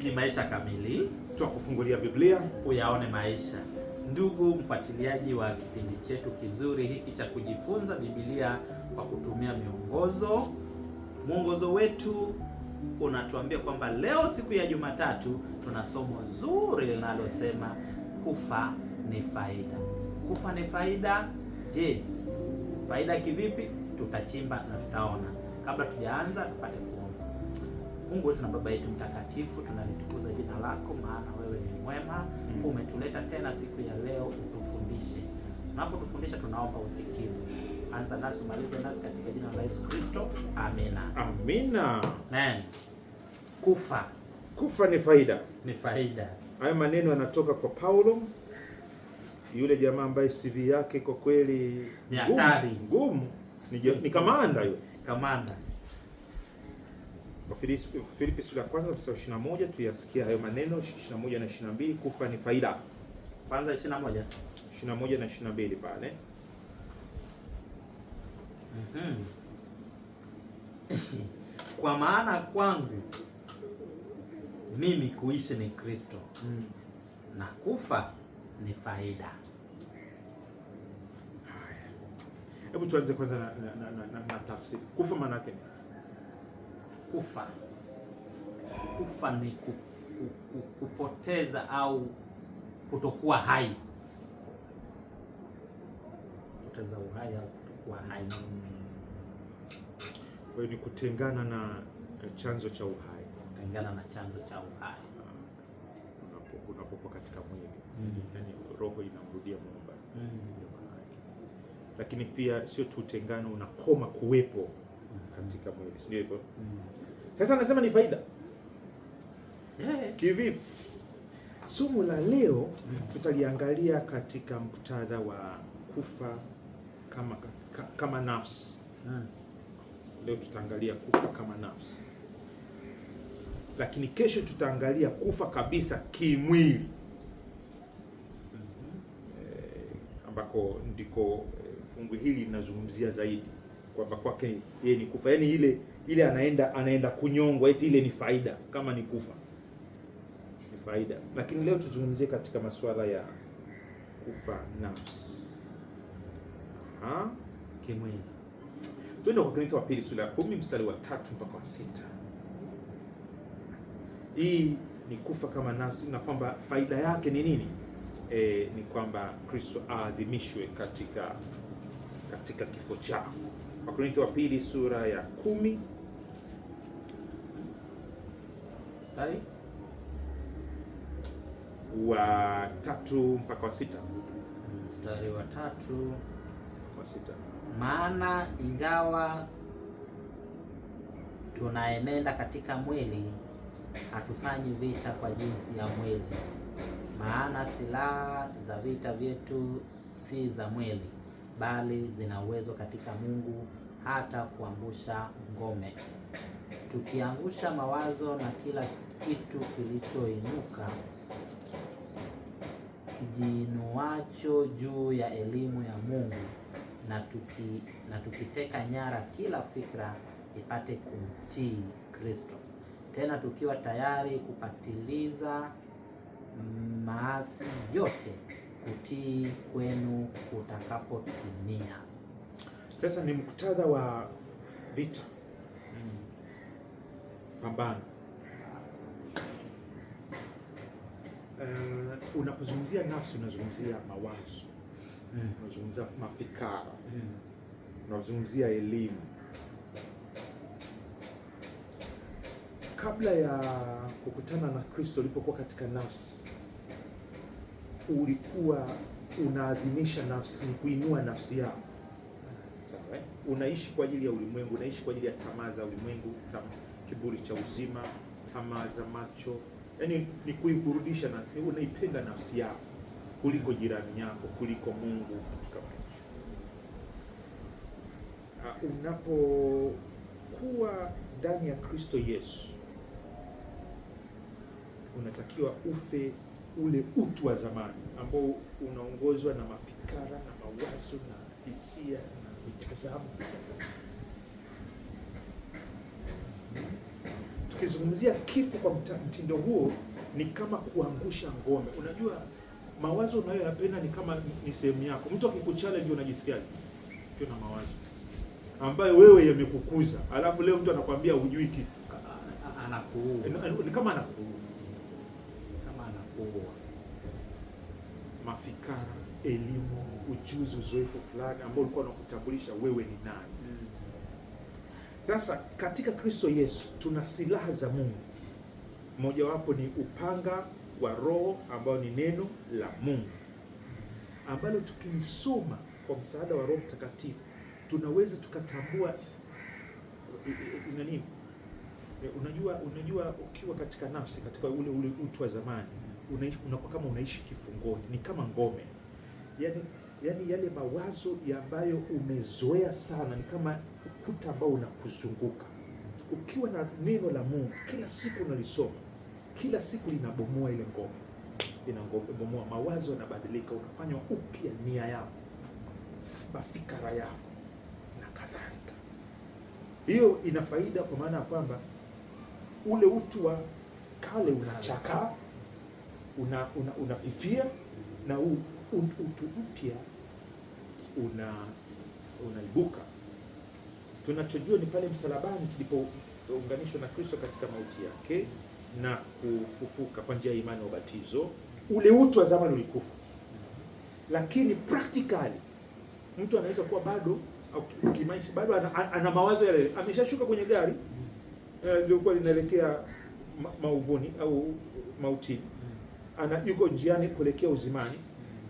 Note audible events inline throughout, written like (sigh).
ni Maisha Kamili, kufungulia Biblia uyaone maisha. Ndugu mfuatiliaji wa kipindi chetu kizuri hiki cha kujifunza Biblia kwa kutumia miongozo, mwongozo wetu unatuambia kwamba leo siku ya Jumatatu tuna somo zuri linalosema kufa ni faida. Kufa ni faida. Je, faida kivipi? Tutachimba na tutaona. Kabla tujaanza, tupate kuona. Mungu wetu na Baba yetu mtakatifu, tunalitukuza jina lako, maana wewe ni mwema. Mm. umetuleta tena siku ya leo utufundishe. Unapotufundisha tunaomba usikivu. Anza nasi, umalize nasi katika jina la Yesu Kristo, amena. Amina. Kufa, kufa ni faida, ni faida. Haya maneno yanatoka kwa Paulo yule jamaa ambaye CV yake kwa kweli ni hatari ngumu, ni kamanda yule, kamanda Wafilipi sura ya kwanza mstari wa 21 tuyasikia hayo maneno 21 na 22, kufa ni faida. Kwanza 21. 21 na 22 pale. Mhm. Kwa maana kwangu mimi kuishi ni Kristo mm, na kufa ni faida. Haya, hebu tuanze kwanza na, na, na, na, na na tafsiri. Kufa maana yake kufa. Kufa ni kupoteza au kutokuwa hai, kupoteza uhai au kutokuwa hai. Kwa hiyo ni kutengana na chanzo cha uhai, kutengana na chanzo cha uhai ah, unapokuwa katika mwili mm. Yani roho inamrudia Muumba mm. Lakini pia sio tu utengano, unakoma kuwepo katika mwili, si ndivyo? Mm. Sasa anasema ni faida kivipi? Somo la leo tutaliangalia katika muktadha wa kufa kama kama nafsi. Mm. Leo tutaangalia kufa kama nafsi, lakini kesho tutaangalia kufa kabisa kimwili mm-hmm. eh, ambako ndiko eh, fungu hili linazungumzia zaidi kwamba kwake yeye ni kufa, yaani ile ile anaenda anaenda kunyongwa, eti ile ni faida, kama ni kufa ni faida. Lakini leo tuzungumzie katika masuala ya kufa nafsi kimwili. Twende kwa Korintho wa pili sura ya kumi mstari wa tatu mpaka wa sita. Hii ni kufa kama nafsi, na kwamba faida yake ni nini? E, ni kwamba Kristo aadhimishwe katika katika kifo chako. Wakorintho wa pili sura ya kumi mstari wa tatu mpaka wa sita mstari wa tatu wa sita maana ingawa tunaenenda katika mwili hatufanyi vita kwa jinsi ya mwili, maana silaha za vita vyetu si za mwili bali zina uwezo katika Mungu hata kuangusha ngome. Tukiangusha mawazo na kila kitu kilichoinuka kijinuacho juu ya elimu ya Mungu na, tuki, na tukiteka nyara kila fikra ipate kumtii Kristo, tena tukiwa tayari kupatiliza maasi yote kutii kwenu kutakapotimia. Sasa ni muktadha wa vita, hmm. Pambano. Uh, unapozungumzia nafsi unazungumzia mawazo, hmm. unazungumzia mafikara, hmm. unazungumzia elimu kabla ya kukutana na Kristo ulipokuwa katika nafsi ulikuwa unaadhimisha nafsi, ni kuinua nafsi yako sawa. Eh? Unaishi kwa ajili ya ulimwengu, unaishi kwa ajili ya tamaa za ulimwengu, tam, kiburi cha uzima, tamaa za macho, yaani ni kuiburudisha na eh, unaipenda nafsi yako kuliko jirani yako kuliko Mungu katika maisha. Ah, unapokuwa ndani ya Kristo Yesu unatakiwa ufe ule utu wa zamani ambao unaongozwa na mafikara na mawazo na hisia na mitazamo. Tukizungumzia kifo kwa mtindo huo, ni kama kuangusha ngome. Unajua, mawazo unayoyapenda ni kama ni sehemu yako. Mtu akikuchallenge unajisikiaje? Ukiwa na mawazo ambayo wewe yamekukuza, alafu leo mtu anakwambia hujui kitu, ni kama anakuua kuoa, mafikara, elimu, ujuzi, uzoefu fulani ambao ulikuwa unakutambulisha wewe ni nani. Hmm. Sasa katika Kristo Yesu tuna silaha za Mungu, mojawapo ni upanga wa Roho ambao ni neno la Mungu ambalo tukilisoma kwa msaada wa Roho Mtakatifu tunaweza tukatambua eh, eh, eh, nani. Unajua, unajua ukiwa katika nafsi, katika ule ule utu wa zamani unaishi, unakuwa kama unaishi kifungoni, ni kama ngome yani, yani yale mawazo ambayo umezoea sana ni kama ukuta ambao unakuzunguka. Ukiwa na neno la Mungu kila siku unalisoma, kila siku linabomoa ile ngome, inabomoa mawazo, yanabadilika, unafanywa upya nia yako, mafikara yako na kadhalika. Hiyo ina faida kwa maana ya kwamba ule utu wa kale unachakaa una, una, unafifia na u, utu mpya una unaibuka. Tunachojua ni pale msalabani tulipounganishwa na Kristo katika mauti yake na kufufuka kwa njia ya imani ya ubatizo. Ule utu wa zamani ulikufa, lakini practically mtu anaweza kuwa bado kimaisha bado ana, ana mawazo yale, ameshashuka kwenye gari eh, liliokuwa linaelekea mauvuni au mautini ana yuko njiani kuelekea uzimani,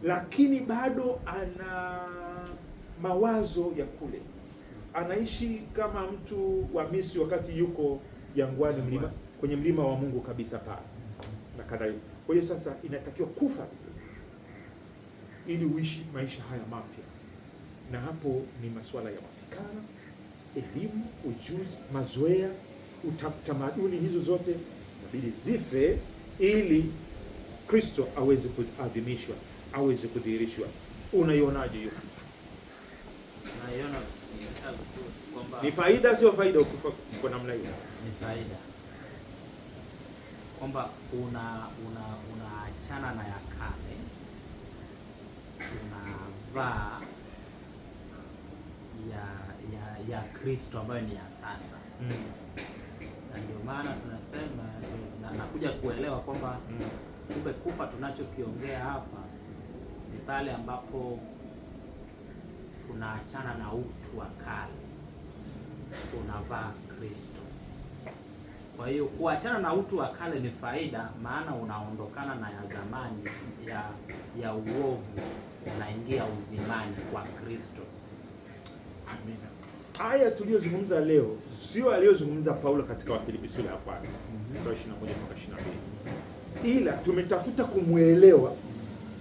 lakini bado ana mawazo ya kule, anaishi kama mtu wa Misri wakati yuko jangwani, mlima kwenye mlima wa Mungu kabisa pale na kadhalika. Kwa hiyo sasa inatakiwa kufa ili uishi maisha haya mapya, na hapo ni masuala ya mafikara, elimu, ujuzi, mazoea, utamaduni, hizo zote inabidi zife ili Kristo aweze kuadhimishwa, aweze kudhihirishwa. Unaionaje hiyo? Naiona ni faida, sio faida? Ukifa kwa namna hiyo ni faida, kwamba una unaachana una na ya kale, unavaa ya ya ya Kristo ambayo ni ya sasa mm. Na ndio maana tunasema eh, nakuja kuelewa kwamba mm. Kumbe kufa tunachokiongea hapa ni pale ambapo tunaachana na utu wa kale, tunavaa Kristo. Kwa hiyo kuachana na utu wa kale ni faida, maana unaondokana na ya zamani ya ya uovu, unaingia uzimani kwa Kristo. Amina. Haya tuliyozungumza leo sio aliyozungumza Paulo katika Wafilipi sura ya kwanza mhm. sura 21 mpaka 22 ila tumetafuta kumwelewa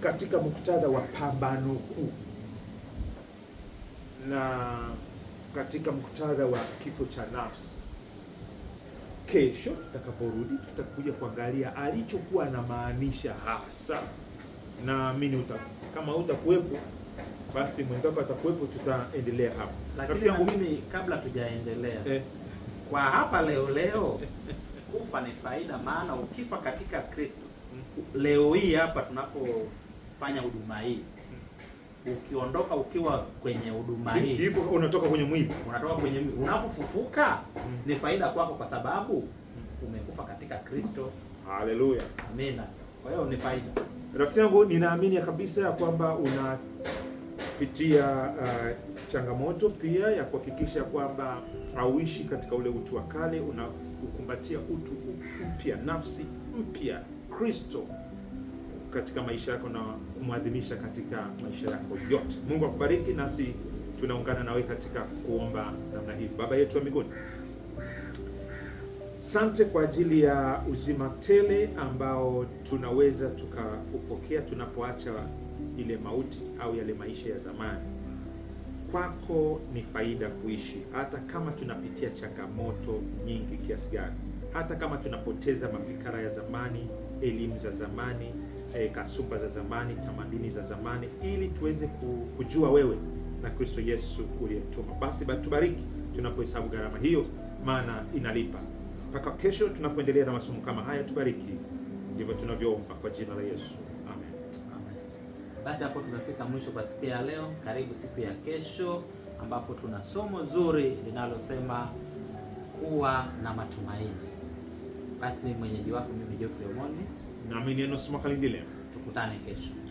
katika muktadha wa pambano kuu na katika muktadha wa kifo cha nafsi. Kesho tutakaporudi tutakuja kuangalia alichokuwa anamaanisha hasa. Naamini uta kama utakuwepo basi mwenzako atakuwepo, tutaendelea hapo. Lakini mimi kabla tujaendelea eh, kwa hapa leo leo (laughs) kufa ni faida, maana ukifa katika Kristo leo hii hapa tunapofanya huduma hii, ukiondoka ukiwa kwenye huduma hii hivyo unatoka kwenye mwili, unatoka kwenye mwili. Unapofufuka mm. ni faida kwako, kwa sababu umekufa katika Kristo. Haleluya, amina. Kwa hiyo ni faida. Rafiki yangu, ninaamini kabisa ya kwamba unapitia uh, changamoto pia ya kuhakikisha kwamba hauishi katika ule utu wa kale una kukumbatia utu upya, nafsi mpya, Kristo katika maisha yako na kumwadhimisha katika maisha yako yote. Mungu akubariki, nasi tunaungana nawe katika kuomba namna hii. Baba yetu wa mbinguni, sante kwa ajili ya uzima tele ambao tunaweza tukaupokea tunapoacha ile mauti au yale maisha ya zamani kwako ni faida kuishi, hata kama tunapitia changamoto nyingi kiasi gani, hata kama tunapoteza mafikara ya zamani, elimu za zamani, e, kasumba za zamani, tamaduni za zamani, ili tuweze kujua wewe na Kristo Yesu uliyemtuma. Basi batubariki tunapohesabu gharama hiyo, maana inalipa. Mpaka kesho tunapoendelea na masomo kama haya, tubariki. Ndivyo tunavyoomba kwa jina la Yesu. Basi hapo tumefika mwisho kwa siku ya leo. Karibu siku ya kesho, ambapo tuna somo zuri linalosema kuwa na matumaini. Basi mwenyeji wako mimi Geoffrey Omondi, nami ni Enos Makalindile. Tukutane kesho.